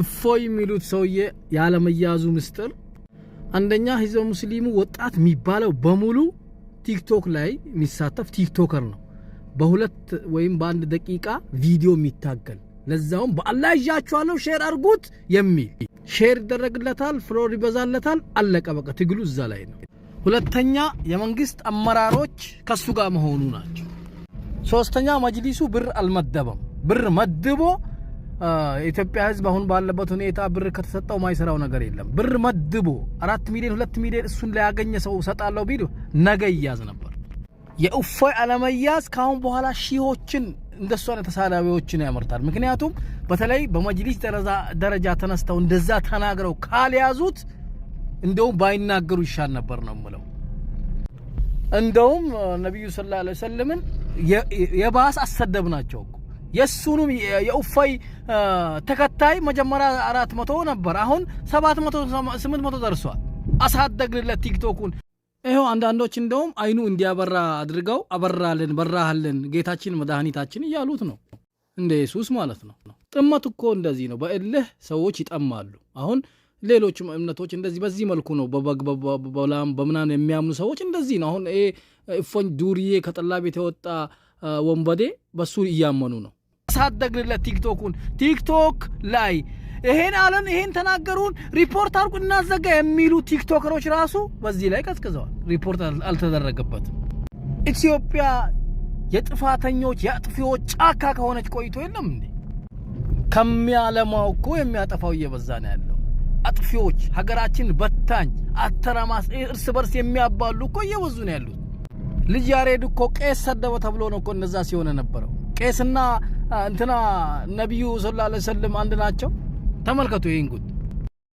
እፎይ የሚሉት ሰውዬ ያለመያዙ ምስጢር አንደኛ ህዝበ ሙስሊሙ ወጣት የሚባለው በሙሉ ቲክቶክ ላይ የሚሳተፍ ቲክቶከር ነው። በሁለት ወይም በአንድ ደቂቃ ቪዲዮ የሚታገል ለዛውም በአላ ይዣችኋለሁ ሼር አድርጉት የሚል ሼር ይደረግለታል፣ ፍሎር ይበዛለታል። አለቀ በቃ ትግሉ እዛ ላይ ነው። ሁለተኛ የመንግስት አመራሮች ከሱ ጋር መሆኑ ናቸው። ሶስተኛ መጅሊሱ ብር አልመደበም። ብር መድቦ የኢትዮጵያ ህዝብ አሁን ባለበት ሁኔታ ብር ከተሰጠው ማይሰራው ነገር የለም። ብር መድቦ አራት ሚሊዮን ሁለት ሚሊዮን እሱን ላያገኘ ሰው ሰጣለው ቢሉ ነገ እያዝ ነበር። የእፎይ አለመያዝ ከአሁን በኋላ ሺዎችን እንደሱ አይነት ተሳዳቢዎችን ያመርታል። ምክንያቱም በተለይ በመጅሊስ ደረጃ ተነስተው እንደዛ ተናግረው ካልያዙት እንደውም ባይናገሩ ይሻል ነበር ነው ምለው። እንደውም ነቢዩ ስላ ሰለምን የባስ አሰደብ ናቸው የእሱንም የኡፋይ ተከታይ መጀመሪያ አራት መቶ ነበር፣ አሁን ሰባት መቶ ስምንት መቶ ደርሷል። አሳደግልለት ቲክቶኩን። ይኸው አንዳንዶች እንደውም አይኑ እንዲያበራ አድርገው አበራልን በራሃልን ጌታችን መድኃኒታችን እያሉት ነው። እንደ ኢየሱስ ማለት ነው። ጥመት እኮ እንደዚህ ነው። በእልህ ሰዎች ይጠማሉ። አሁን ሌሎችም እምነቶች እንደዚህ በዚህ መልኩ ነው። በበግ በላም የሚያምኑ ሰዎች እንደዚህ ነው። አሁን እፎኝ ዱርዬ ከጠላ ቤት የወጣ ወንበዴ በሱ እያመኑ ነው። አሳደግንለት ቲክቶኩን። ቲክቶክ ላይ ይሄን አለን፣ ይሄን ተናገሩን፣ ሪፖርት አርቁ እናዘጋ የሚሉ ቲክቶከሮች ራሱ በዚህ ላይ ቀዝቅዘዋል። ሪፖርት አልተደረገበትም። ኢትዮጵያ የጥፋተኞች የአጥፊዎች ጫካ ከሆነች ቆይቶ የለም እንዴ? ከሚያለማው እኮ የሚያጠፋው እየበዛ ነው ያለው። አጥፊዎች፣ ሀገራችን በታኝ አተራማስ፣ እርስ በርስ የሚያባሉ እኮ እየበዙ ነው ያሉት። ልጅ ያሬድ እኮ ቄስ ሰደበ ተብሎ ነው እኮ እነዛ ሲሆነ ነበረው ቄስና እንትና ነቢዩ ስላ ለ ሰለም አንድ ናቸው። ተመልከቱ ይህን ጉድ